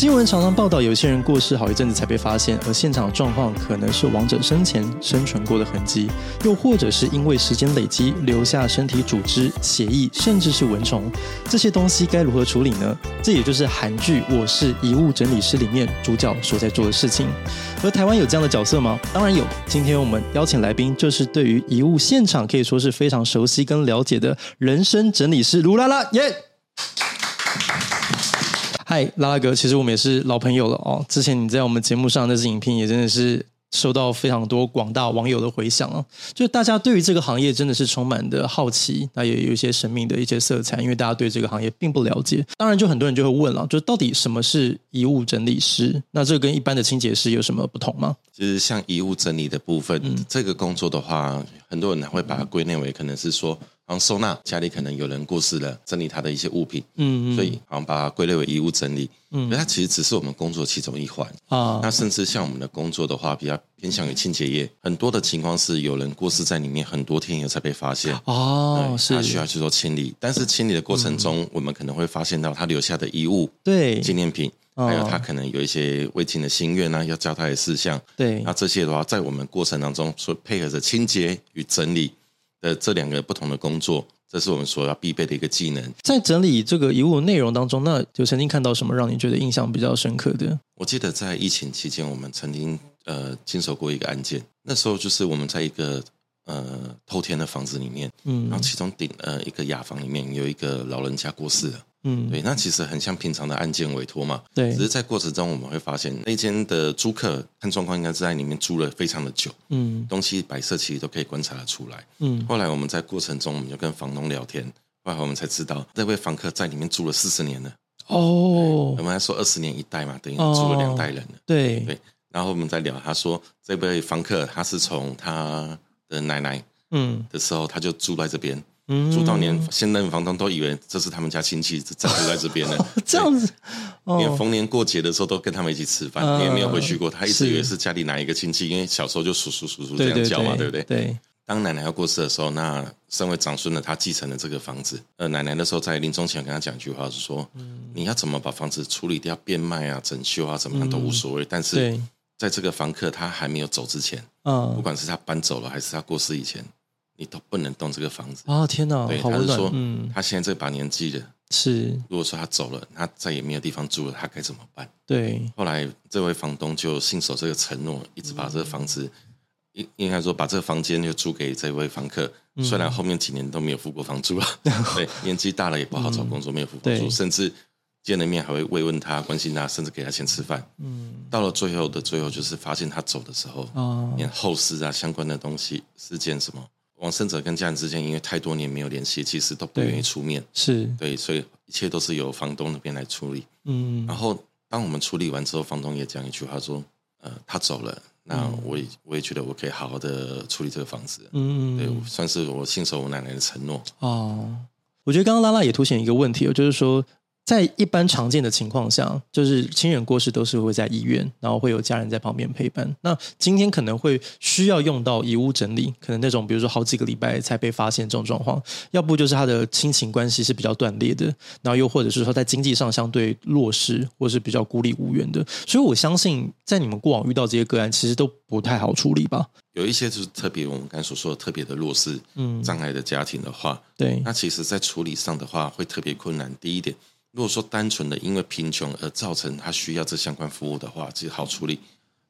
新聞常常報道，有些人過世好一陣子才被發現，而現場的狀況可能是亡者生前生存過的痕跡，又或者是因為時間累積留下身體組織、血液，甚至是蚊蟲，這些東西該如何處理呢？這也就是韓劇《我是遺物整理師》裡面主角所在做的事情。而台灣有這樣的角色嗎？當然有。今天我們邀請來賓，就是對於遺物現場可以說是非常熟悉跟了解的人生整理師盧拉拉耶。嗨，拉拉哥，其實我們也是老朋友了哦。之前你在我們節目上的那支影片，也真的是受到非常多廣大網友的回響哦、啊，就是大家對於這個行業真的是充滿的好奇，那也有一些神秘的一些色彩，因為大家對這個行業並不了解。當然，就很多人就會問了，就到底什麼是遺物整理師？那這跟一般的清潔師有什麼不同嗎？其實像遺物整理的部分，嗯、這個工作的話，很多人會把它歸類為可能是說幫收納家裡可能有人過世了，整理他的一些物品，嗯嗯，所以好像把它歸類為遺物整理，嗯，它其實只是我們工作其中一環啊。嗯、那甚至像我們的工作的話，比較偏向於清潔業，很多的情況是有人過世在裡面很多天以後才被發現哦，是，他需要去做清理，是但是清理的過程中，嗯、我們可能會發現到他留下的遺物、對紀念品，還有他可能有一些未盡的心願呢、啊，對要交代的事項，對，那這些的話，在我們過程當中，所配合着清潔與整理。呃，這兩個不同的工作，這是我們所要必備的一個技能。在整理這個遺物內容當中，那就曾經看到什麼讓你覺得印象比較深刻的？我記得在疫情期間，我們曾經呃經手過一個案件，那時候就是我們在一個呃透天的房子裡面，嗯，然後其中頂呃一個雅房裡面有一個老人家過世了。嗯，對，那其實很像平常的案件委托嘛。對，只是在過程中我們會發現那間的租客看狀況，應該是在裡面住了非常的久。嗯，東西擺設其實都可以觀察得出來。嗯，後來我們在過程中，我們就跟房東聊天，後來我們才知道這位房客在裡面住了四十年了。哦，我們還說二十年一代嘛，等於住了兩代人了。哦、對對，然後我們在聊，他說這位房客他是從他的奶奶嗯的時候，嗯、他就住在這邊。住到年，現任房東都以為這是他們家親戚暫住在這邊的。 這樣子，連逢年過節的時候都跟他們一起吃飯，嗯、你也沒有回去過。他一直以為是家裡哪一個親戚，是因為小時候就叔叔、叔叔這樣叫嘛，對，對，對，對不對？對。當奶奶要過世的時候，那身為長孫的他繼承了這個房子。呃，奶奶那時候在臨終前跟他講一句話是說：“嗯、你要怎麼把房子處理掉、變賣啊、整修啊，怎麼樣都無所謂。嗯”但是，在這個房客他還沒有走之前，嗯，不管是他搬走了還是他過世以前。你都不能動這個房子啊！天哪，他是說，嗯，他現在這把年紀了，是如果說他走了，他再也沒有地方住了，他該怎麼辦？對。後來這位房東就信守這個承諾，一直把這個房子應應該說把這個房間就租給這位房客。雖然後面幾年都沒有付過房租了，對，年紀大了也不好找工作，沒有付過租，甚至見了面還會慰問他、關心他，甚至給他錢吃飯。嗯。到了最後的最後，就是發現他走的時候，哦，你看後事啊，相關的東西是件什麼？往生者跟家人之間，因為太多年沒有聯繫，其實都不願意出面。對，是對，所以一切都是由房東那邊來處理。嗯，然後當我們處理完之後，房東也講一句話說：“呃，他走了。”那我也、嗯、我也覺得我可以好好的處理這個房子。嗯，對，算是我信守我奶奶的承諾。哦，我覺得剛剛拉拉也凸顯一個問題、哦，就是說。在一般常見的情況下，就是親人過世都是會在醫院，然後會有家人在旁邊陪伴。那今天可能會需要用到遺物整理，可能那種比如說好幾個禮拜才被發現這種狀況，要不就是他的親情關係是比較斷裂的，然後又或者是說在經濟上相對弱勢，或是比較孤立無援的。所以我相信，在你們過往遇到這些個案，其實都不太好處理吧？有一些就是特別我們剛才所說的特別的弱勢，嗯，障礙的家庭的話，對，那其實在處理上的話會特別困難。第一點。如果說單純的因為貧窮而造成他需要這相關服務的話，其實好處理，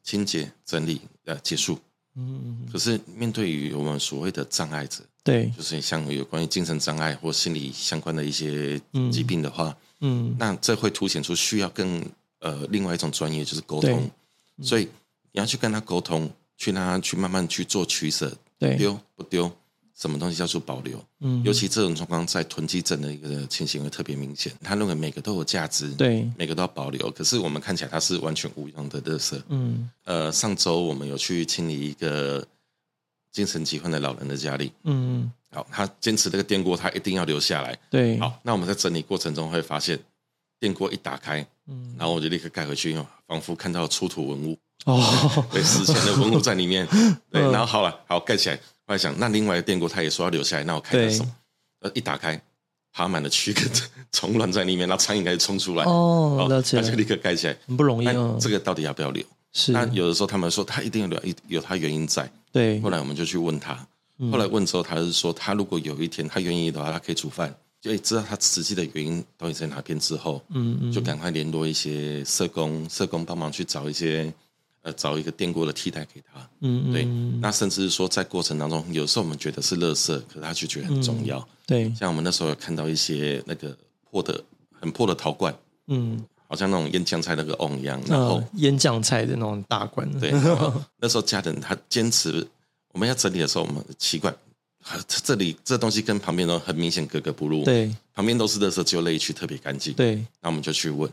清潔整理呃結束。嗯，可是面對於我們所謂的障礙者，對，就是像有關於精神障礙或心理相關的一些疾病的話，嗯，嗯，那這會凸顯出需要更呃另外一種專業，就是溝通。嗯，所以你要去跟他溝通，去讓他去慢慢去做取舍，對，丟不丟？不丟什麼東西叫做保留？嗯哼，尤其這種狀況在囤積症的一個情形會特別明顯。他認為每個都有價值，對，每個都要保留。可是我們看起來它是完全無用的垃圾。嗯，呃，上周我們有去清理一個精神疾患的老人的家裡。嗯哼，好，他堅持那個電鍋，他一定要留下來。對，好，那我們在整理過程中會發現，電鍋一打開，嗯，然後我就立刻蓋回去，仿佛看到了出土文物哦， 對，史前的文物在裡面。 對，然後、呃、好了，好蓋起來。我在想，那另外一個電鍋他也說要留下來，那我開個什麼？對一打開爬滿了蛆跟蟲卵在裡面，那蒼蠅開始衝出來，oh, 了解了哦，那就立刻蓋起來，很不容易哦。這個到底要不要留？是。那有的時候他們說他一定要留，一有他原因在。對。後來我們就去問他，嗯、後來問之後，他是說他如果有一天他願意的話，他可以煮飯。所以知道他實際的原因到底在哪邊之後，嗯嗯，就趕快聯絡一些社工，社工幫忙去找一些。呃，找一個電鍋的替代給他，嗯，對，那甚至是說在過程當中，有時候我們覺得是垃圾，可是他就覺得很重要，嗯、對。像我們那時候有看到一些那個破的、很破的陶罐，嗯，好像那種醃醬菜那個甕一樣，然後呃、醃醬菜的那種大罐，對。 那時候家人他堅持我們要整理的時候，我們奇怪，這裡這東西跟旁邊都很明顯格格不入，對。旁邊都是垃圾，只有那一區特別乾淨，對。那我們就去問。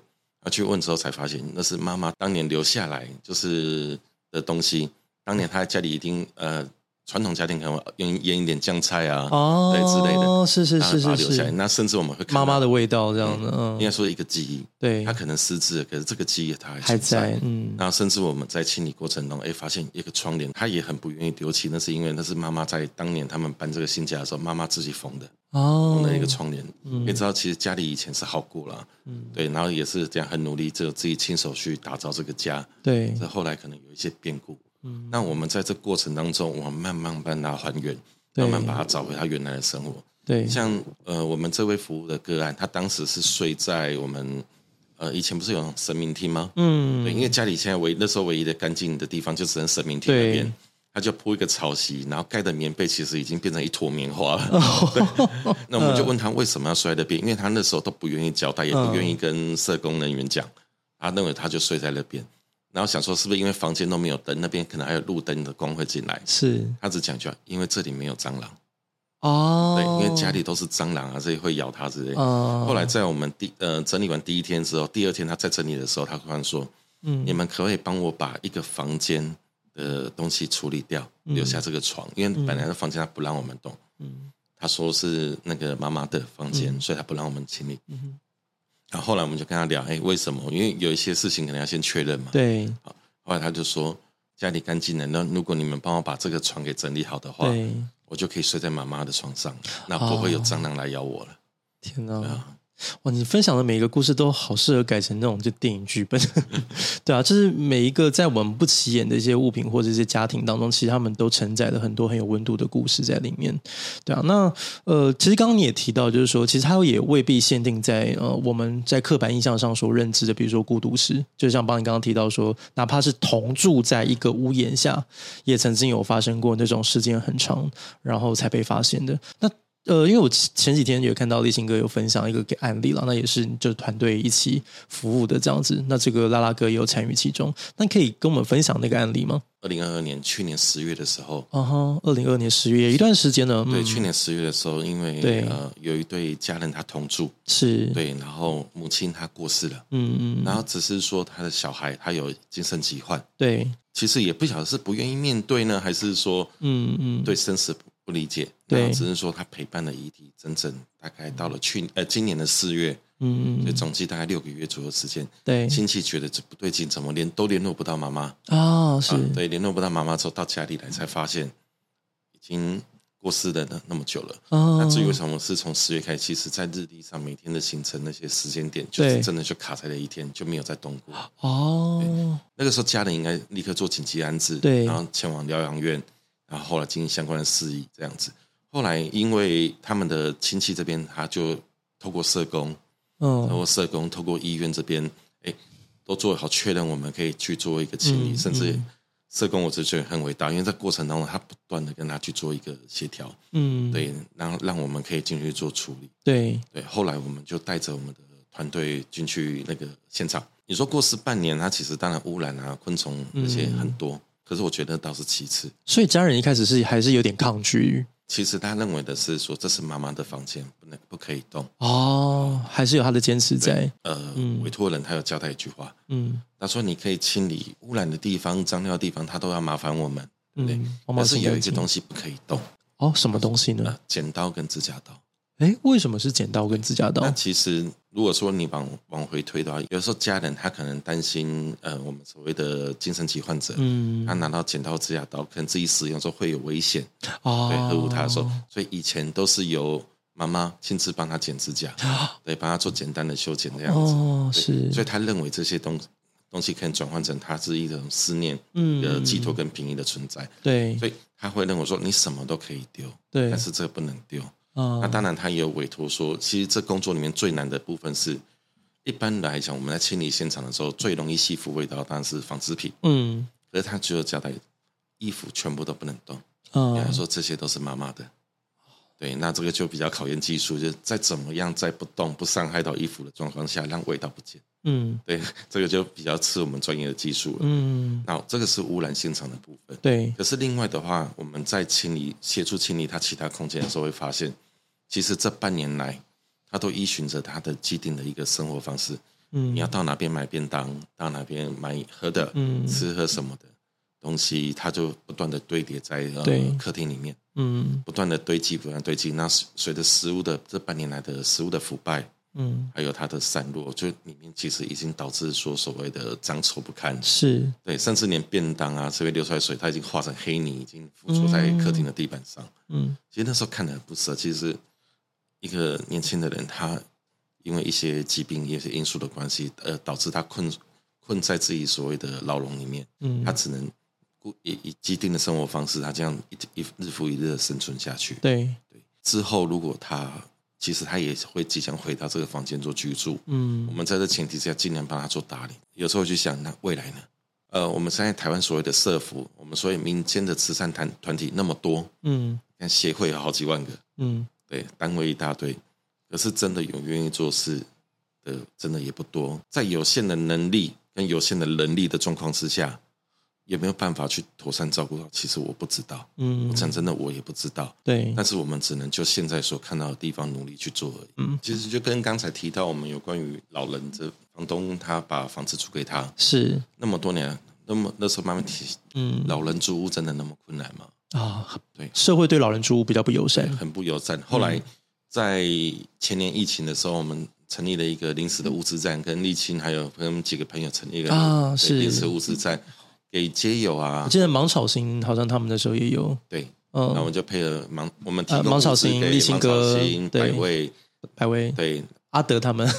他去問之後才發現，那是媽媽當年留下來就是的東西。當年他在家裡一定呃，傳統家庭可能會醃醃一點醬菜啊，對之類的，是是是是留下。那甚至我們會看媽媽的味道這樣子，應該說一個記憶。對，他可能失智，可是這個記憶他還在。嗯，那甚至我們在清理過程中，哎，發現一個窗簾，他也很不願意丟棄，那是因為那是媽媽在當年他們搬這個新家的時候，媽媽自己縫的哦，縫的一個窗簾。嗯，也知道其實家裡以前是好過了，嗯，對，然後也是這樣很努力，只有自己親手去打造這個家。對，這後來可能有一些變故。嗯，那我們在這過程當中，我們慢慢幫他還原，對慢慢把他找回他原來的生活。對，像呃，我們這位服務的個案，他當時是睡在我們呃以前不是有神明廳嗎？嗯對，因為家裡現在那唯那時候唯一的乾淨的地方就只能神明廳那邊，對他就鋪一個草席，然後蓋的棉被其實已經變成一坨棉花了。哦、對，哦、 那我們就問他為什麼要睡在那邊，因為他那時候都不願意交代，也不願意跟社工人員講，他、嗯啊、認為他就睡在那邊。然後想說是不是因為房間都沒有燈，那邊可能還有路燈的光會進來？是。他只講說、啊，因為這裡沒有蟑螂，哦，oh. 對，因為家裡都是蟑螂啊，所以會咬他之類。哦，oh. 後來在我們第呃整理完第一天之後，第二天他在整理的時候，他突然說：“嗯、你們可不可以幫我把一個房間的東西處理掉，嗯、留下這個床，因為本來的房間他不讓我們動。”嗯，他說是那個媽媽的房間，嗯、所以他不讓我們清理。嗯哼然後、啊、後來我們就跟他聊，哎，為什麼？因為有一些事情可能要先確認嘛。對。好，後來他就說，家裡乾淨了，那如果你們幫我把這個床給整理好的話，對我就可以睡在媽媽的床上，那不會有蟑螂來咬我了。哦、的天吶、啊。哇，你分享的每一個故事都好適合改成那種就電影劇本， 對啊，就是每一個在我們不起眼的一些物品或者一些家庭當中，其實他們都承載了很多很有溫度的故事在裡面，對啊，那呃，其實剛剛你也提到，就是說其實它也未必限定在呃我們在刻板印象上所認知的，比如說孤獨死，就像幫你剛剛提到說，哪怕是同住在一個屋檐下，也曾經有發生過那種時間很長，然後才被發現的，那。呃，因為我前幾天也看到立新哥有分享一個案例了，那也是就團隊一起服務的這樣子。那這個拉拉哥也有參與其中，那可以跟我們分享那個案例嗎？二零二二年，去年十月的時候，啊哈、uh，二零二二年十月，一段時間呢。對，嗯、去年十月的時候，因為、啊、呃有一對家人他同住，是，對，然後母親他過世了，嗯嗯，嗯然後只是說他的小孩他有精神疾患，對，其實也不曉得是不願意面對呢，還是說，嗯嗯，嗯對，生死。不理解，對，然後只是說他陪伴了遺體整整大概到了去年呃今年的四月，嗯嗯，總計大概六個月左右時間。對，親戚覺得這不對勁，怎麼連都聯絡不到媽媽？哦，是、啊、對，聯絡不到媽媽之後到家裡來才發現已經過世的那麼久了。那、哦、至於為什麼我是從十月開始，其實在日曆上每天的行程那些時間點，對、就是，真的就卡在了一天，對就沒有再動過。哦，那個時候家人應該立刻做緊急安置，對，然後前往療養院。然後後來進行相關的事宜，這樣子。後來因為他們的親戚這邊，他就透過社工，嗯，透過社工，透過醫院這邊，哎，都做好確認，我們可以去做一個清理。嗯、甚至、嗯、社工，我就覺得很偉大，因為在過程當中，他不斷的跟他去做一個協調，嗯，對，然後讓我們可以進去做處理。對對，後來我們就帶着我們的團隊進去那個現場。你說過世半年，他其實當然污染啊，昆蟲那些很多。嗯可是我覺得倒是其次，所以家人一開始是還是有點抗拒。其實他認為的是說，這是媽媽的房間，不能不可以動哦，還是有他的堅持在。呃，嗯、委托人他有交代一句話，嗯，他說你可以清理污染的地方、髒掉的地方，他都要麻煩我們，對嗯，但是有一些東西不可以動哦，什麼東西呢？剪刀跟指甲刀。哎，為什麼是剪刀跟指甲刀？那其實，如果說你往往回推的話，有時候家人他可能擔心，呃，我們所謂的精神疾患者，嗯，他拿到剪刀、指甲刀，可能自己使用時候會有危險，哦，對呵護他的時候，所以以前都是由媽媽親自幫他剪指甲，啊、對，幫他做簡單的修剪的樣子，哦，對是，所以他認為這些東東西可以轉換成他是一種思念的、嗯、寄託跟憑依的存在，對，所以他會認為說，你什麼都可以丟，對，但是這個不能丟。那當然，他也有委託說，其實這工作裡面最難的部分是，一般來講，我們在清理現場的時候，最容易吸附味道，當然是紡織品。嗯，可是他只有交代衣服全部都不能動。嗯，他說這些都是媽媽的，對，那這個就比較考驗技術，就是在怎麼樣在不動，不傷害到衣服的狀況下，讓味道不見。嗯，對，這個就比較吃我們專業的技術了。嗯，那這個是污染現場的部分。對，可是另外的話，我們在清理協助清理他其他空間的時候，會發現。其實這半年來，他都依循着他的既定的一個生活方式。嗯，你要到哪邊買便當，到哪邊買喝的，嗯，吃喝什麼的東西，他就不斷的堆疊在對客廳裡面，嗯，不斷的堆積，不斷地堆積。那隨着食物的這半年來的食物的腐敗，嗯，還有它的散落，就裡面其實已經導致說所,所謂的髒臭不堪。是，對，甚至連便當啊，這邊流出來的水，它已經化成黑泥，已經附着在客廳的地板上。嗯，嗯其實那時候看的很不舍，其實。一個年輕的人，他因為一些疾病，一些因素的關係，而、呃、導致他困困在自己所謂的牢籠裡面。嗯，他只能固以以既定的生活方式，他這樣一一,一日復一日的生存下去。對，對。之後，如果他其實他也會即將回到這個房間做居住。嗯，我們在這前提之下盡量幫他做打理。有時候就想，那未來呢？呃，我們現在台灣所謂的社福，我們所謂民間的慈善團團體那麼多。嗯，像協會有好幾萬個。嗯。對，單位一大堆，可是真的有願意做事的，真的也不多。在有限的能力跟有限的能力的狀況之下，也沒有辦法去妥善照顧到。其實我不知道，嗯，我講真的，我也不知道。對，但是我們只能就現在所看到的地方努力去做而已。嗯，其實就跟剛才提到，我們有關於老人這房東，他把房子租給他，是那麼多年，那麼那時候慢慢提，嗯，老人租屋真的那麼困難嗎？啊，對，社會對老人住屋比較不友善，很不友善。後來在前年疫情的時候，我們成立了一個臨時的物資站，跟立青還有跟幾個朋友成立了啊，是臨時物資站給街友啊。我記得芒草心好像他們那時候也有，對，嗯，我們就配合芒，我們提芒草心，立青哥、百味、百味，對阿德他們，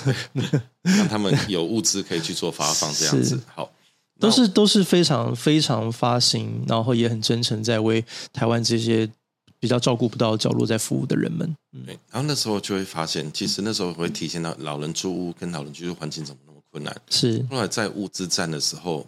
讓他們有物資可以去做發放，這樣子好。都是我都是非常非常發心，然後也很真誠，在為台灣這些比較照顧不到角落在服務的人們。嗯，然後那時候就會發現，其實那時候會體現到老人住屋跟老人居住環境怎麼那麼困難。是，後來在物資站的時候，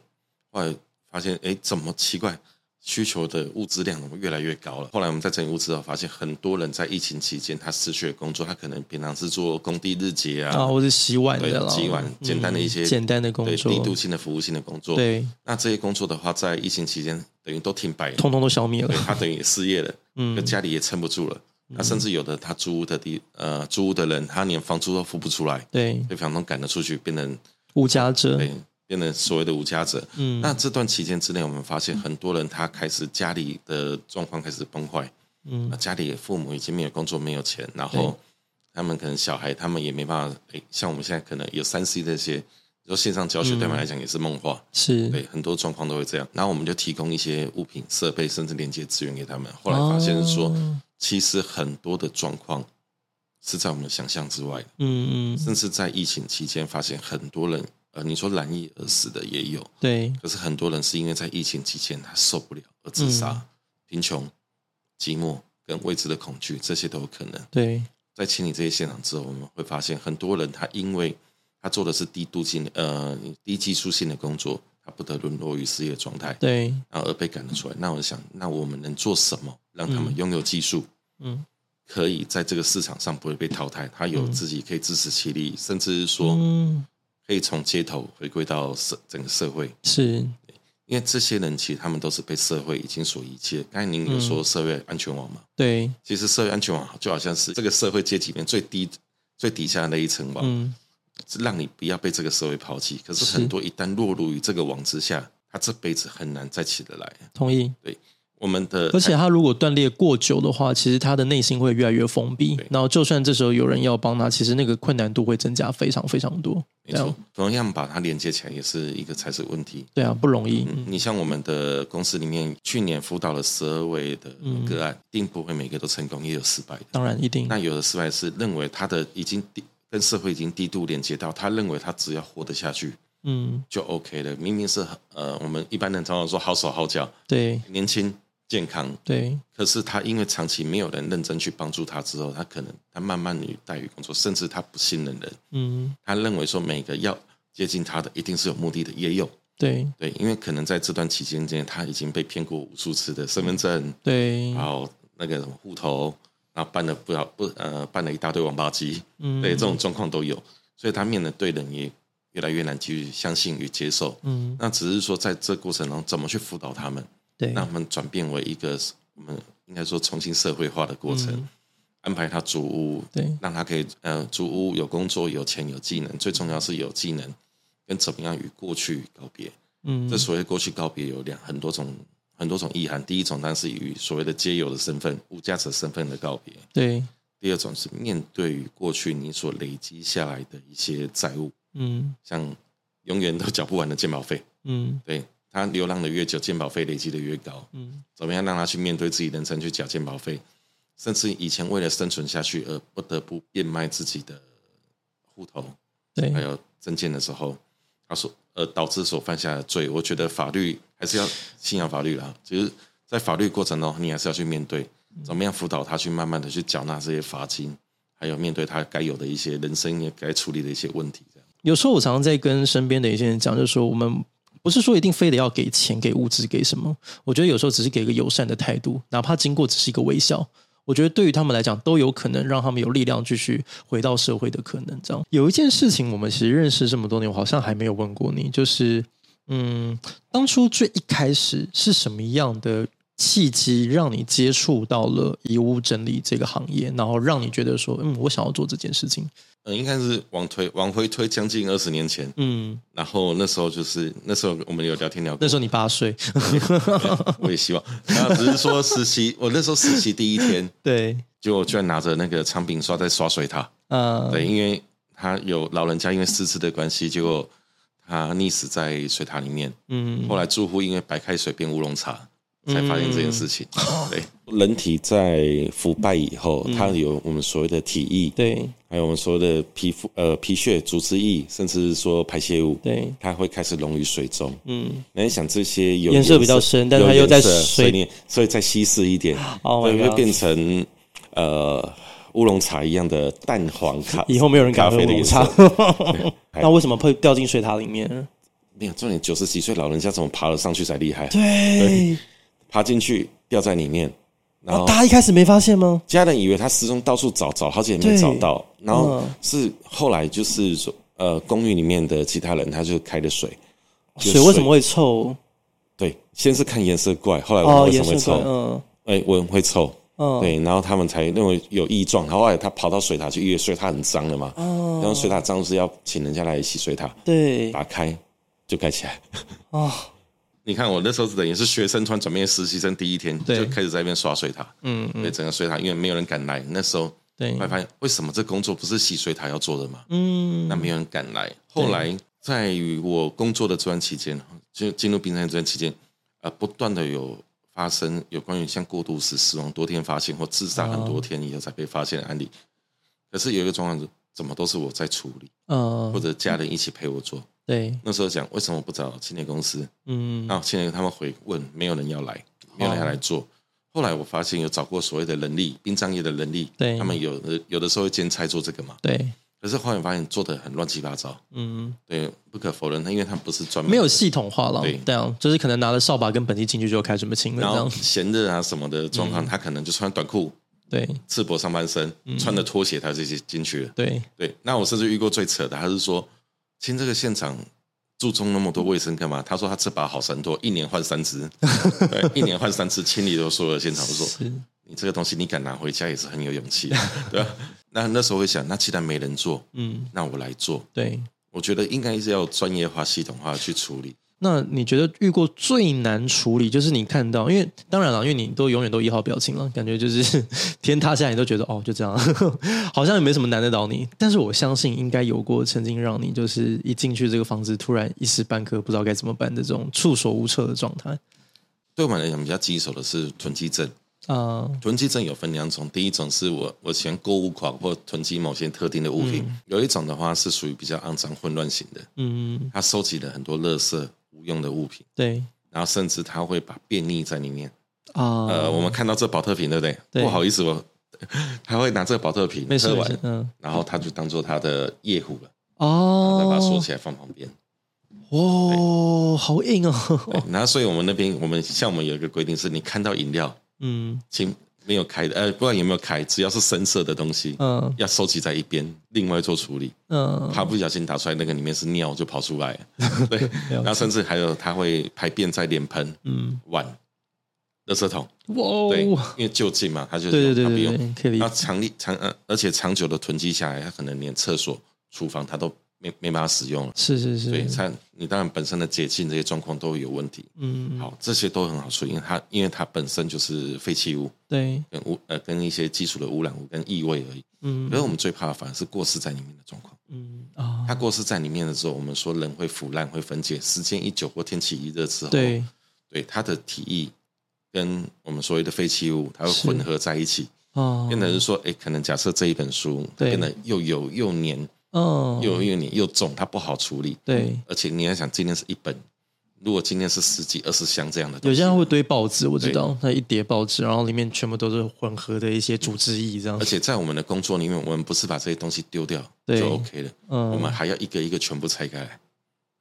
後來發現，哎、欸，怎麼奇怪？需求的物資量越來越高了。後來我們在整理物資的時候，發現很多人在疫情期間他失去了工作，他可能平常是做工地日結啊，啊，或者洗碗的，對洗碗、嗯、簡單的一些簡單的工作對，低度性的服務性的工作。對，那這些工作的話，在疫情期間等於都停擺，通通都消滅了對，他等於也失業了，嗯，家裡也撐不住了。那甚至有的他租屋的地，呃，租屋的人他連房租都付不出來，對，被房東趕了出去，變成無家者。對。變成所謂的無家者，嗯，那這段期間之內，我們發現很多人他開始家裡的狀況開始崩壞，嗯，家裡父母已經沒有工作、沒有錢，然後他們可能小孩他們也沒辦法，哎對、欸，像我們現在可能有三 C 這些，說線上教學對我們來講也是夢話，嗯、是對，很多狀況都會這樣。然後我們就提供一些物品、設備，甚至連接資源給他們。後來發現說，哦、其實很多的狀況是在我們的想象之外的，嗯嗯，甚至在疫情期間發現很多人。呃，你說染疫而死的也有，對。可是很多人是因為在疫情期間他受不了而自殺，嗯、貧窮、寂寞跟未知的恐懼，這些都有可能。對，在清理這些現場之後，我們會發現很多人他因為他做的是低度性呃低技術性的工作，他不得淪落於失業狀態，對，而被趕了出來。那我想，那我們能做什麼，讓他們擁有技術，嗯，嗯可以在這個市場上不會被淘汰，他有自己可以自食其力，嗯、甚至是說，嗯。可以從街頭回歸到社整個社會，是、嗯、因為這些人其實他們都是被社會已經所遺棄。剛才您有說社會安全網嘛、嗯？對，其實社會安全網就好像是這個社會階級面最低、最底下的那一層網，嗯、讓你不要被這個社會拋棄。可是很多一旦落入於這個網之下，他是這輩子很難再起得來。同意，對。我們的，而且他如果斷裂過久的話，其實他的內心會越來越封閉。對然後，就算這時候有人要幫他，其實那個困難度會增加非常非常多。沒錯，啊、同樣把它連接起來也是一個才是問題。對啊，不容易、嗯。你像我們的公司裡面，嗯、去年輔導了十二位的個案，嗯、定不會每個都成功，也有失敗。當然一定。那有的失敗是認為他的已經跟社會已經低度連接到，他認為他只要活得下去，嗯，就 OK 了。明明是呃，我們一般人常常說好手好腳，對，年輕。健康對，可是他因為長期沒有人認真去幫助他之後，他可能他慢慢與怠於工作，甚至他不信任人。嗯，他認為說，每個要接近他的一定是有目的的業用，也有對對，因為可能在這段期間間他已經被騙過無數次的身份證，嗯、對，然後那個什麼戶頭，然後辦了不要，不呃辦了一大堆王八機嗯，對，這種狀況都有，所以他面的對的人也越來越難去相信與接受。嗯，那只是說在這過程中怎麼去輔導他們，讓對我們轉變為一個，我們應該說重新社會化的過程，嗯、安排他租屋，對讓他可以呃租屋，有工作、有錢、有技能，最重要是有技能，跟怎麼樣與過去告別。嗯，這所謂過去告別有兩很多種很多種意涵。第一種，當然是與所謂的街友的身份、無家者身份的告別。對。第二種是面對於過去你所累積下來的一些債務，嗯，像永遠都繳不完的健保費，嗯，對。他流浪的越久，健保費累積的越高。嗯，怎麼樣讓他去面對自己的人生，去繳健保費，甚至以前為了生存下去而不得不變賣自己的戶頭，對還有證件的時候，他所呃導致所犯下的罪，我覺得法律還是要信仰法律啦。 就是在法律過程中，你還是要去面對，怎麼樣輔導他去慢慢的去繳納這些罰金，還有面對他該有的一些人生也該處理的一些問題。這樣，有時候我常常在跟身邊的一些人講，就是說我們。不是說一定非得要給錢、給物質、給什麼？我覺得有時候只是給一個友善的態度，哪怕經過只是一個微笑，我覺得對於他們來講都有可能讓他們有力量繼續回到社會的可能。這樣，有一件事情，我們其實認識這麼多年，我好像還沒有問過你，就是，嗯，當初最一開始是什麼樣的契機讓你接觸到了遺屋整理這個行業，然後讓你覺得說，嗯，我想要做這件事情。嗯，應該是往推往回推將近二十年前。嗯，然後那時候就是那時候我們有聊天聊，那時候你八歲， 我也希望。他只是說實習， 我那時候實習第一天，對，就我居然拿着那個長柄刷在刷水塔。嗯，對，因為他有老人家因為失智的關係，結果他溺死在水塔裡面。嗯，後來住戶因為白開水變烏龍茶。才發現這件事情。對，人體在腐敗以後，它有我們所謂的體液，對，還有我們所謂的皮膚、呃、皮屑、組織液，甚至說排泄物，對，它會開始溶於水中。嗯，你想這些顏色比較深，但它又在水裡，所以再稀釋一點，會不會變成呃烏龍茶一樣的淡黃咖。以後沒有人敢喝咖啡的顏色。那為什麼會掉進水塔裡面？沒有，重點九十幾歲老人家怎麼爬了上去才厲害？對。爬進去掉在裡面，然後他、啊、大家一開始沒發現嗎？家人以為他失蹤，到處找，找好幾年沒對找到。然後是後來就是說，嗯、呃，公寓裡面的其他人他就開的水，就是、水，水為什麼會臭？對，先是看顏色怪，後來聞為什麼會臭？哦、嗯，哎、欸，聞會臭。嗯，對，然後他們才認為有異狀。然後，後來他跑到水塔去，因為水塔很髒了嘛。哦、嗯，然後水塔髒是要請人家來洗水塔。對，打開就蓋起來。啊、哦。你看我，我那時候等於是學生，穿轉變實習生第一天對就開始在那邊刷水塔，嗯，嗯，對，整個水塔，因為沒有人敢來那時候，對，我發現為什麼這工作不是洗水塔要做的嘛，嗯，那沒有人敢來。後來，對在我工作的這段期間，進入殯葬這段期間、呃，不斷的有發生有關於像過度時死亡多天發現或自殺很多天、哦、以後才被發現的案例，可是有一個狀況、就是，怎麼都是我在處理，哦，或者家人一起陪我做。對，那時候講為什麼不找清潔公司？嗯，然後清潔他們回問，沒有人要來，沒有人要來做。後來我發現有找過所謂的人力，殯葬業的人力，對，他們有的有的時候兼差做這個嘛。對，可是後來發現做的很亂七八糟。嗯，對，不可否認，他因為他不是專門，沒有系統化了。對，這樣就是可能拿了掃把跟畚箕進去就開始麼清了。然後，炎熱啊什麼的狀況，他可能就穿短褲，對，赤膊上半身，穿著拖鞋，他就進進去了。對對，那我甚至遇過最扯的，他是說。親，這個現場注重那麼多衛生幹嘛？他說他這把好神拖，一年換三支， 一年換三支，清理都說了，現場說是你這個東西，你敢拿回家也是很有勇氣 對、啊、那那時候會想，那既然沒人做，嗯、那我來做。對，我覺得應該是要專業化、系統化去處理。那你覺得遇過最難處理，就是你看到，因為當然了，因為你都永遠都一號表情了，感覺就是天塌下來，你都覺得哦，就這樣，好像也沒什麼難得倒你。但是我相信應該有過曾經讓你就是一進去這個房子，突然一時半刻不知道該怎麼辦的這種束手無策的狀態。對我來講比較棘手的是囤積症啊，uh, 囤積症有分兩種，第一種是我我嫌購物狂或囤積某些特定的物品，嗯、有一種的話是屬於比較骯髒混亂型的，嗯，它收集了很多垃圾。不用的物品，對，然後甚至他會把便溺在裡面哦。啊、呃，我們看到這個寶特瓶，對不對？對不好意思，我他會拿這個寶特瓶沒喝完，嗯，然後他就當做他的夜壺了哦，然後再把他把鎖起來放旁邊。哦，對哦。好硬哦。對 然後，所以我們那邊我們項目有一個規定，是你看到飲料，嗯，請。沒有開的，呃，不管有沒有開，只要是深色的東西，嗯，要收集在一邊，另外做處理。嗯，怕不小心打出來，那個裡面是尿，就跑出來。 對，然後甚至還有他會排便在臉盆、嗯、碗、垃圾桶。哇、哦，對，因為就近嘛，他就是對對對對它，他不用。它長力長、呃，而且長久的囤積下來，它可能連廁所、廚房他都。沒沒辦法使用了，是是是，對，它你當然本身的解禁這些狀況都有問題，嗯，嗯，好，這些都很好說，因為它因為它本身就是廢棄物，對，跟污呃跟一些基礎的污染物跟異味而已，嗯，所以我們最怕的反而是過失在裡面的狀況，嗯、哦、它過失在裡面的時候，我們說人會腐爛會分解，時間一久或天氣一熱之後，對，對，它的體液跟我們所謂的廢棄物，它會混合在一起，啊，哦、變成是說，哎，可能假設這一本書變得又油又黏。嗯，又又你又重，它不好處理。對，而且你要想，今天是一本，如果今天是十幾、二十箱這樣的東西，有些人會堆報紙，我知道，那對一疊報紙，然後裡面全部都是混合的一些組織液這樣子。而且在我們的工作裡面，我們不是把這些東西丟掉就 OK 了，嗯，我們還要一個一個全部拆開來，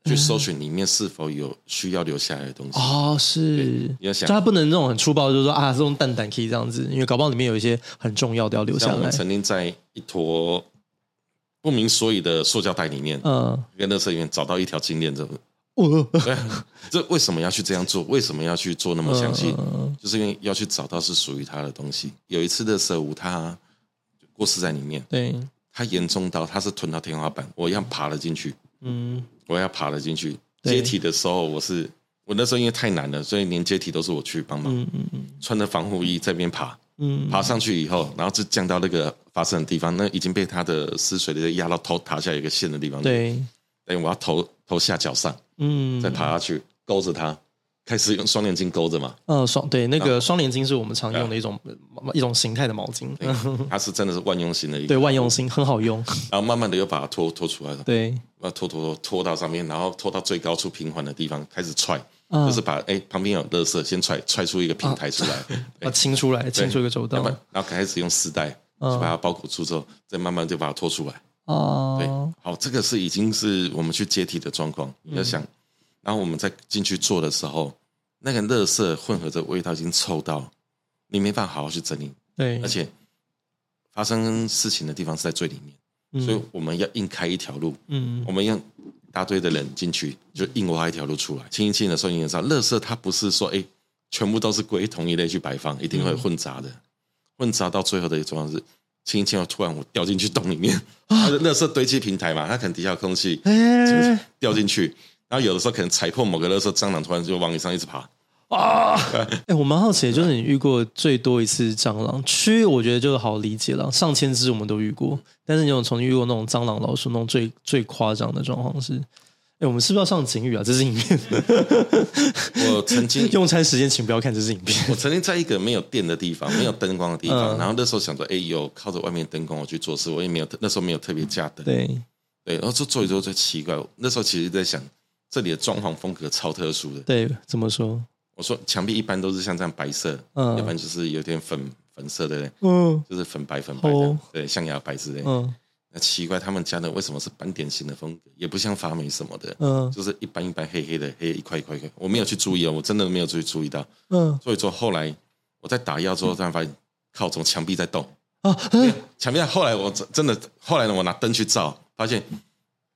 去搜尋裡面是否有需要留下來的東西。哦、嗯，對是，你要想，他不能這種很粗暴，就是說啊，這種蛋蛋可以這樣子，因為搞不好裡面有一些很重要的要留下來。像我們曾經在一坨。不明所以的塑膠袋裡面，嗯，uh, 跟垃圾裡面找到一條金鏈子，oh. 對，這為什麼要去這樣做？為什麼要去做那麼詳細？嗯，uh, 就是因為要去找到是屬於他的東西。有一次垃圾屋，他過世在裡面，對，他嚴重到他是囤到天花板，我一樣爬了進去，嗯，uh. 我要爬了進去，接體、uh. 的時候我是，我那時候因為太難了，所以連接體都是我去幫忙，嗯嗯嗯，穿着防護衣在那邊爬。嗯，爬上去以後，然後就降到那個發生的地方，那已經被他的濕水的壓到頭，塔下有一個線的地方。對，哎，我要頭頭下腳上，嗯，再爬下去，勾着它，開始用雙鏈巾勾着嘛。嗯，雙對，那個雙鏈巾是我們常用的一種、啊、一種形態的毛巾。對，它是真的是萬用型的一。對，萬用型很好用。然後慢慢的又把它拖拖出來了。對，我要拖拖拖拖到上面，然後拖到最高處平緩的地方開始踹。就是把哎，旁邊有垃圾，先踹踹出一個平台出來，把清出來，清出一個走道，然後開始用屍袋把它包裹住之後，再慢慢就把它拖出來。哦，對，好，這個是已經是我們去接體的狀況。你要想，然後我們再進去做的時候，那個垃圾混合的味道已經臭到你沒辦法好好去整理。對，而且發生事情的地方是在最裡面，所以我們要硬開一條路。嗯，我們要。大隊的人進去就硬挖一條路出來，清一清的時候，你也知道，垃圾它不是說哎、欸，全部都是歸同一類去擺放，一定會混雜的。嗯、混雜到最後的一個狀況是，清一清要突然我掉進去洞裡面啊，垃圾堆積平台嘛，它可能底下空氣、欸、掉進去，然後有的時候可能踩破某個垃圾，蟑螂突然就往你身上一直爬。啊！哎對、欸，我蠻好奇的，的就是你遇過最多一次蟑螂區，我覺得就好理解了，上千隻我們都遇過。但是你有曾經遇過那種蟑螂老鼠那種最最誇張的狀況是？哎、欸，我們是不是要上警語啊？這是影片。我曾經 用餐時間請不要看，這是影片。我曾經在一個沒有電的地方，沒有燈光的地方，嗯、然後那時候想說，哎、欸、呦，靠着外面燈光我去做事，我也沒有那時候沒有特別架燈，對對。然後做做一做就奇怪我，那時候其實在想這裡的裝潢風格超特殊的，對，怎麼說？我說牆壁一般都是像這樣白色，嗯，要不然就是有點粉粉色的，嗯，就是粉白粉白的，哦、對，象牙白之類的。嗯、那奇怪，他們家的為什麼是斑點型的風格？也不像發霉什麼的，嗯，就是一般一般黑黑的，黑，黑一塊一塊一塊。我沒有去注意哦，我真的沒有注意注意到。嗯，所以說後來我在打藥之後，突然，嗯、發現靠中牆壁在動啊！牆壁後來我真的後來呢，我拿燈去照，發現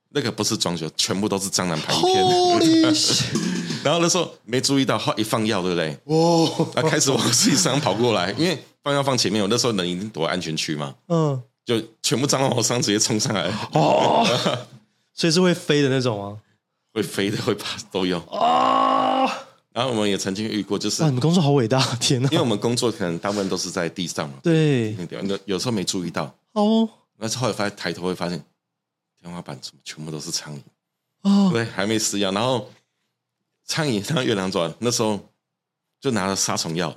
那個不是裝修，全部都是蟑螂爬一片。Holy 然後那時候沒注意到，一放藥對不對？哦，那開始往自己身上跑過來，因為放藥放前面，我那時候人已經躲安全區嘛，嗯，就全部蟑螂和蒼蠅直接衝上來。哦，所以是會飛的那種嗎？會飛的、會爬都有。啊，然後我們也曾經遇過，就是你們工作好偉大，天哪！因為我們工作可能大部分都是在地上嘛。對，有時候沒注意到哦，但是後來發現抬頭會發現天花板全部都是蒼蠅。哦，對，還沒施藥，然後。蒼蠅上月亮轉，那時候就拿了殺蟲藥，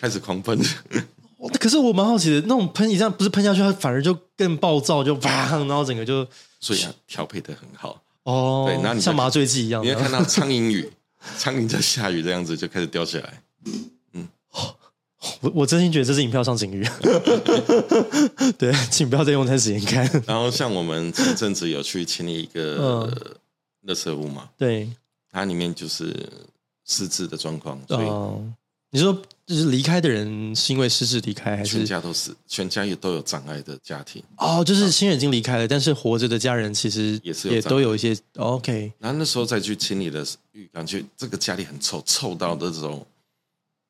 開始狂噴。可是我蠻好奇的，那種噴一下不是噴下去，它反而就更暴躁，就哇，然後整個就，所以調配的很好哦。對，那你，像麻醉劑一樣，你會看到蒼蠅雨，蒼蠅在下雨這樣子，就開始掉下來。嗯，我我真心覺得這是影片上警語。對，請不要在用餐時間看。然後像我們前陣子有去清理一個熱車屋嘛？對。它裡面就是失智的狀況，所以、哦、你說就是離開的人是因為失智離開，還是全家都死，全家也都有障礙的家庭？哦，就是親人已經離開了，啊、但是活着的家人其實也，也是也都有一些、哦、OK。然後那時候再去清理的時候，感覺這個家裡很臭，臭到那種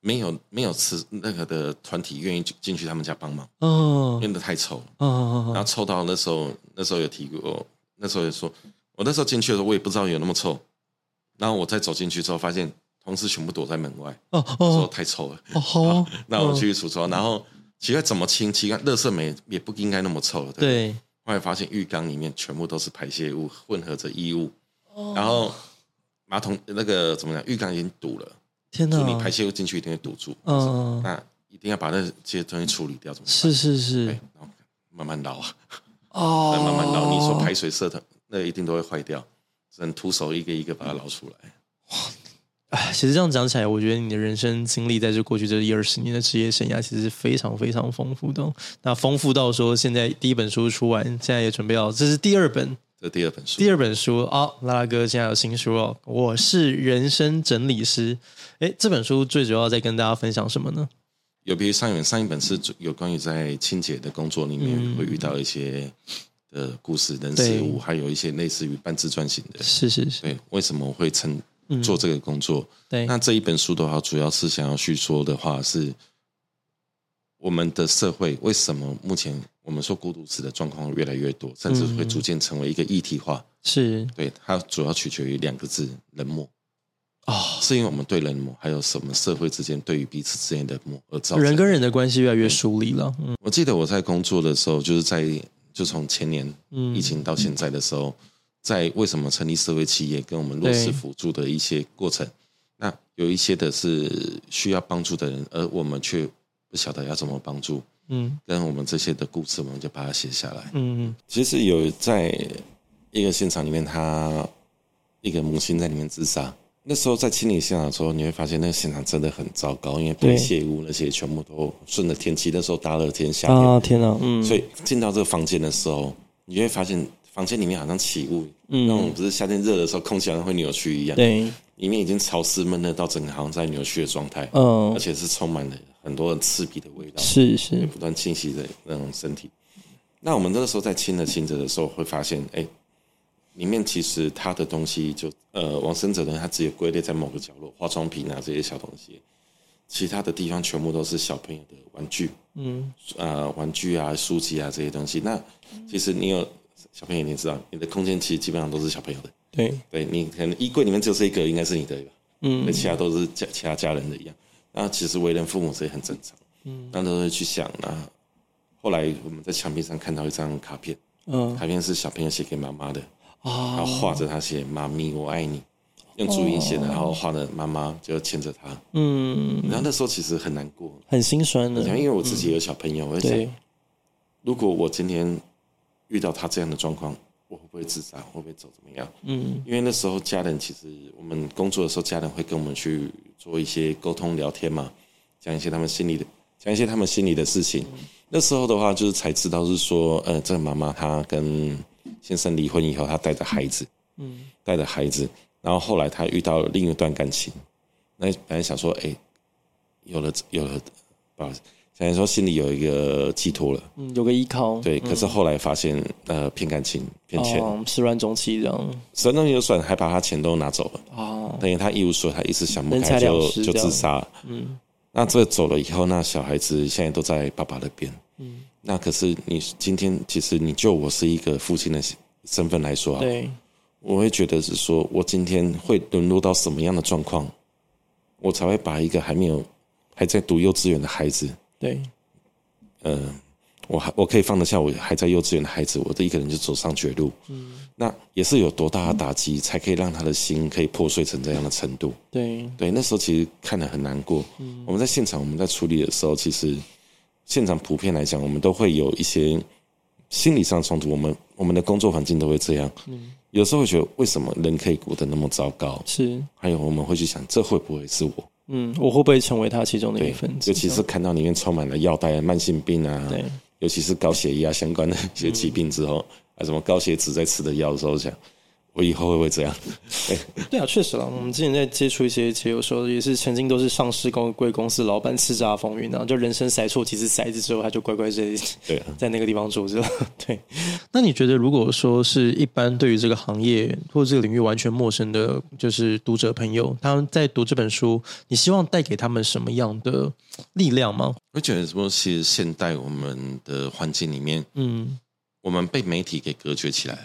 沒有沒有吃任何的團體願意進去他們家幫忙，嗯、哦，變得太臭，嗯、哦，哦、然後臭到那時候那時候有提過，那時候也說我那時候進去的時候我也不知道有那麼臭。然後我再走進去之後，發現同事全部躲在門外，說太臭了。哦，那我繼續除臭。然後，奇怪怎麼清？奇怪，垃圾沒也不應該那麼臭了。對。後來發現浴缸裡面全部都是排泄物，混合着衣物。然後，馬桶那個怎麼講？浴缸已經堵了。天哪！你排泄物進去一定會堵住。嗯。那一定要把那這些東西處理掉，怎麼辦？是是是。然後慢慢撈啊。哦。慢慢撈，你說排水塞的那一定都會壞掉。只能徒手一個一個把它撈出來。哇！哎，其實這樣講起來，我覺得你的人生經歷在這過去這一二十年的職業生涯，其實是非常非常豐富的。那豐富到說，現在第一本書出完，現在也準備好，這是第二本。這第二本書，第二本書啊，哦，拉拉哥現在有新書哦。我是人生整理師。哎，這本書最主要在跟大家分享什麼呢？有，比如上一本，上一本是有關於在清潔的工作裡面會遇到一些。嗯嗯的故事、人事物，對還有一些類似於半自傳型的，是是是。對，為什麼會成、嗯、做這個工作？對，那這一本書的話，主要是想要去說的話是，我們的社會為什麼目前我們說孤獨死的狀況越來越多，甚至會逐漸成為一個議題化？是、嗯，對，它主要取決於兩個字：冷漠。哦，是因為我們對冷漠，還有什麼社會之間對於彼此之間的冷漠而造成人跟人的關係越來越疏離了。嗯，嗯我記得我在工作的時候，就是在。就從前年疫情到現在的時候，嗯、在為什麼成立社會企業跟我們落實輔助的一些過程，對那有一些的是需要幫助的人，而我們卻不曉得要怎麼幫助。嗯，跟我們這些的故事，我們就把它寫下來。嗯，其實有在一個現場裡面，他一個母親在裡面自殺。那時候在清理現場的時候，你會發現那個現場真的很糟糕，因為排泄物那些全部都順着天氣，對那時候大熱天，下雨天、啊、天啊，嗯、所以進到這個房間的時候，你就會發現房間裡面好像起霧，嗯、那種不是夏天熱的時候空氣好像會扭曲一樣，對，裡面已經潮濕悶的到整個好像在扭曲的狀態，嗯、而且是充滿了很多很刺鼻的味道，是是，不斷侵襲著那種身體。那我們那個時候在清着清着的時候，會發現，哎、欸。裡面其實他的東西就呃，往生者呢，他只有歸類在某個角落，化妝品啊這些小東西，其他的地方全部都是小朋友的玩具，嗯，啊、呃，玩具啊，書籍啊這些東西。那其實你有小朋友，你知道你的空間其實基本上都是小朋友的，對，對你可能衣櫃裡面就這一個應該是你的，嗯，其他都是家其他家人的一樣。那其實為人父母這也很正常，嗯，那都會去想啊。後來我們在牆壁上看到一張卡片，嗯、哦，卡片是小朋友寫給媽媽的。啊，然後畫着他寫“哦、媽咪，我愛你”，用注音寫的，哦、然後畫的媽媽就牽着他，嗯，然後那時候其實很難過，很心酸的，因為我自己有小朋友，而且、嗯、對如果我今天遇到他這樣的狀況，我會不會自殺，我會不會走怎麼樣？嗯，因為那時候家人其實我們工作的時候，家人會跟我們去做一些溝通聊天嘛，講一些他們心裡的，講一些他們心裡的事情。嗯、那時候的話，就是才知道是說，呃，這個媽媽她跟。先生離婚以後，他帶着孩子，嗯，帶着孩子，然後後來他遇到了另一段感情，那本來想說，哎、欸，有了有了，啊，想說心裡有一個寄托了、嗯，有個依靠，對。嗯、可是後來發現，呃，騙感情，騙錢，始亂、哦、終棄的，始亂終棄這樣，還把他錢都拿走了，哦，等於他一無所有，他一直想不開就就自殺，嗯。那這個走了以後，那小孩子現在都在爸爸那邊，嗯。那可是你今天，其實你就我是一個父親的身份來說啊，對，我會覺得是說，我今天會淪落到什麼樣的狀況，我才會把一個還沒有還在讀幼稚園的孩子，對，呃，我還我可以放得下我還在幼稚園的孩子，我這一個人就走上絕路，嗯，那也是有多大的打擊，才可以讓他的心可以破碎成這樣的程度，對，對，那時候其實看得很難過，嗯，我們在現場，我們在處理的時候，其實。現場普遍來講，我們都會有一些心理上衝突，我們我們的工作環境都會這樣。嗯，有時候會覺得為什麼人可以過得那麼糟糕？是，還有我們會去想，這會不會是我？嗯，我會不會成為他其中的一份子？尤其是看到裡面充滿了藥袋、慢性病啊，對，尤其是高血壓相關的一些疾病之後，還，什麼高血脂在吃的藥的時候我以後會不會這樣？對，對啊，確實了。我們之前在接觸一些，其實有時候也是曾經都是上市公司、貴公司老板叱咤風雲的、啊，就人生塞錯幾次骰子之後，他就乖乖在對在那個地方住着。對,啊、對，那你覺得如果說是一般對於這個行業或者這個領域完全陌生的，就是讀者朋友，他們在讀這本書，你希望帶給他們什麼樣的力量嗎？我覺得，說是現代我們的環境裡面，嗯，我們被媒體給隔絕起來了。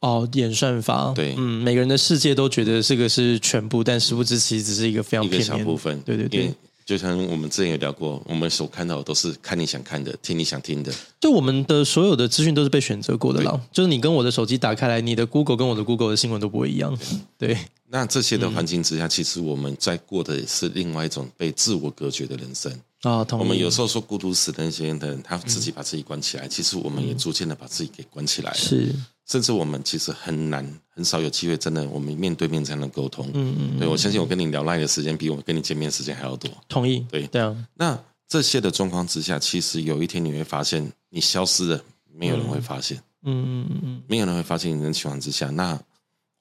哦，演算法對，嗯，每個人的世界都覺得這個是全部，但殊不知其實只是一個非常片面一個小部分。對對對，就像我們之前有聊過，我們所看到的都是看你想看的，聽你想聽的。就我們的所有的資訊都是被選擇過的了。對就是你跟我的手機打開來，你的 Google 跟我的 Google 的新聞都不會一樣。對。對那這些的環境之下，嗯、其實我們在過的是另外一種被自我隔絕的人生啊。哦、同意我們有時候說孤獨死等那些人，他自己把自己關起來，嗯、其實我們也逐漸的把自己給關起來了。嗯、是。甚至我們其實很難，很少有機會，真的我們面對面才能溝通。嗯嗯，對，我相信我跟你聊 LINE 的時間比我跟你見面的時間還要多。同意。對對啊。這樣那這些的狀況之下，其實有一天你會發現，你消失了，沒有人會發現。嗯嗯嗯。嗯嗯嗯沒有人會發現你的情況之下，那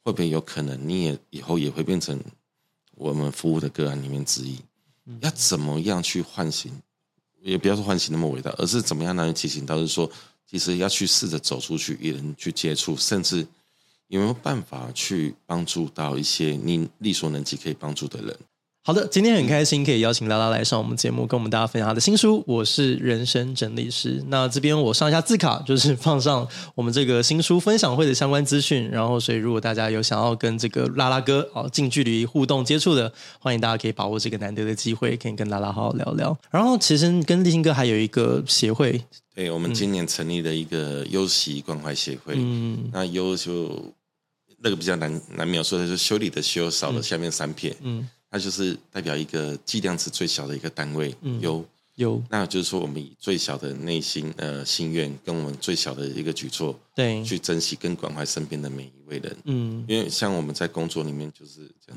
會不會有可能，你也以後也會變成我們服務的個案裡面之一？嗯、要怎麼樣去喚醒？也不要說喚醒那麼偉大，而是怎麼樣能提醒到，就是說。其實要去試着走出去，與人去接觸，甚至有沒有辦法去幫助到一些你力所能及可以幫助的人。好的，今天很開心可以邀請拉拉來上我們節目，嗯、跟我們大家分享他的新書，我是人生整理師。那這邊我上一下字卡，就是放上我們這個新書分享會的相關資訊。然後，所以如果大家有想要跟這個拉拉哥哦近距離互動接觸的，歡迎大家可以把握這個難得的機會，可以跟拉拉好好聊聊。然後，其實跟立新哥還有一個協會，對，我們今年成立的一個攸惜關懷協會。嗯，那攸就那個比較難難描述的，就是修理的修少了下面三撇。嗯。嗯它就是代表一個計量值最小的一個單位，有有，那就是說我們以最小的內心呃心願，跟我們最小的一個舉措，對，去珍惜跟關懷身邊的每一位人，嗯，因為像我們在工作裡面就是這樣，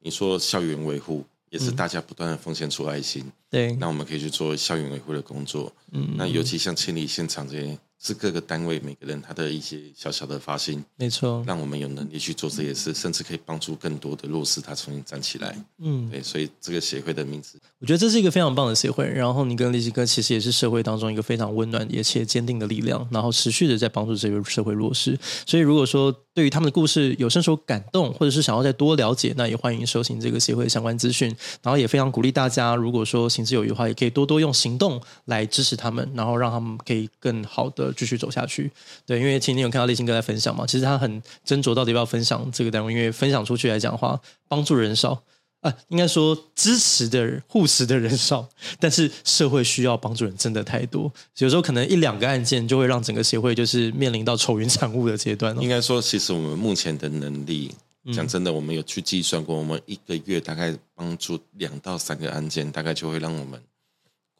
你說校園維護也是大家不斷的奉獻出愛心，對、嗯，那我們可以去做校園維護的工作，嗯，那尤其像清理現場這些。是各個單位每個人他的一些小小的發心，沒錯，讓我們有能力去做這些事，嗯、甚至可以幫助更多的弱勢他重新站起來。嗯，對，所以這個協會的名字，我覺得這是一個非常棒的協會。然後，你跟李奇哥其實也是社會當中一個非常溫暖也且堅定的力量，然後持續的在幫助這個社會弱勢。所以，如果說對於他們的故事有深受感動，或者是想要再多了解，那也歡迎收聽這個協會的相關資訊。然後，也非常鼓勵大家，如果說行之有餘的話，也可以多多用行動來支持他們，然後讓他們可以更好的。繼續走下去，對，因為今天有看到立新哥在分享嘛，其實他很斟酌到底要不要分享這個單位，因為分享出去來講的話，幫助人少，呃、應該說支持的人、護持的人少，但是社會需要幫助人真的太多，有時候可能一兩個案件就會讓整個協會就是面臨到愁雲慘霧的階段，哦。應該說，其實我們目前的能力，講真的，我們有去計算過，嗯、我們一個月大概幫助兩到三個案件，大概就會讓我們。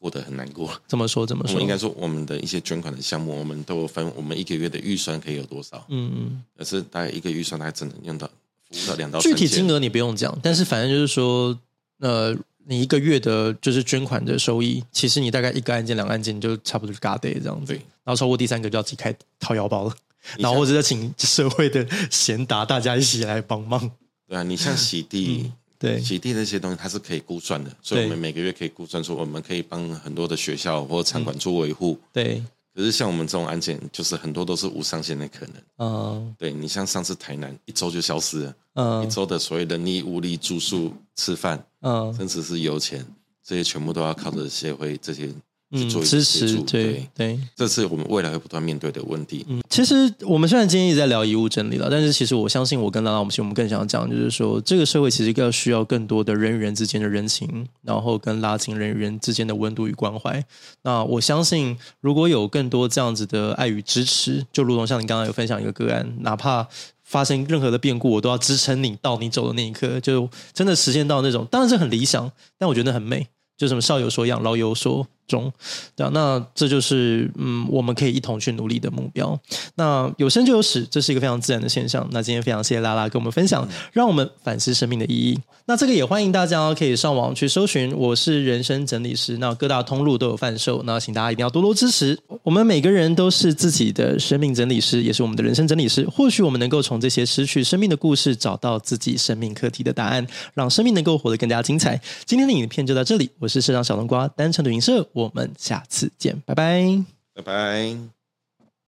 過得很難過，怎麼說？怎麼說？應該說，我們的一些捐款的項目，我們都分。我們一個月的預算可以有多少？嗯嗯。可是大概一個預算，大概只能用到、用到兩到具體金額你不用講，但是反正就是說，呃，你一個月的就是捐款的收益，其實你大概一個案件、兩個案件就差不多就嘎嘚這樣子，然後超過第三個就要自己開掏腰包了，然後或者請社會的賢達大家一起來幫忙，對啊，你像洗地。嗯對，洗地那些東西它是可以估算的，對所以我們每個月可以估算出，我們可以幫很多的學校或場館做維護。嗯、對，可是像我們這種案件就是很多都是無上限的可能。嗯、哦，對，你像上次台南一周就消失了，哦、一周的所謂的人力、物力、住宿、嗯、吃飯，嗯、哦，甚至是油錢，這些全部都要靠着協會這些。嗯，支持，對對，這是我們未來會不斷面對的問題。嗯，其實我們雖然今天一直在聊遺物整理了，但是其實我相信，我跟拉拉，我們其實我們更想要講，就是說這個社會其實要需要更多的人與人之間的人情，然後跟拉近人與人之間的溫度與關懷。那我相信，如果有更多這樣子的愛與支持，就如同像你剛剛有分享一個個案，哪怕發生任何的變故，我都要支撐你到你走的那一刻，就真的實現到那種，當然是很理想，但我覺得很美。就什麼少有所養，老有所。中，對啊，那這就是嗯，我們可以一同去努力的目標。那有生就有死，這是一個非常自然的現象。那今天非常謝謝拉拉跟我們分享，讓我們反思生命的意義。那這個也歡迎大家可以上網去搜尋，我是人生整理師，那各大通路都有販售。那請大家一定要多多支持。我們每個人都是自己的生命整理師，也是我們的人生整理師。或許我們能夠從這些失去生命的故事，找到自己生命課題的答案，讓生命能夠活得更加精彩。今天的影片就到這裡，我是社長小冬瓜，單程的雲社。我們下次見，拜拜，拜拜。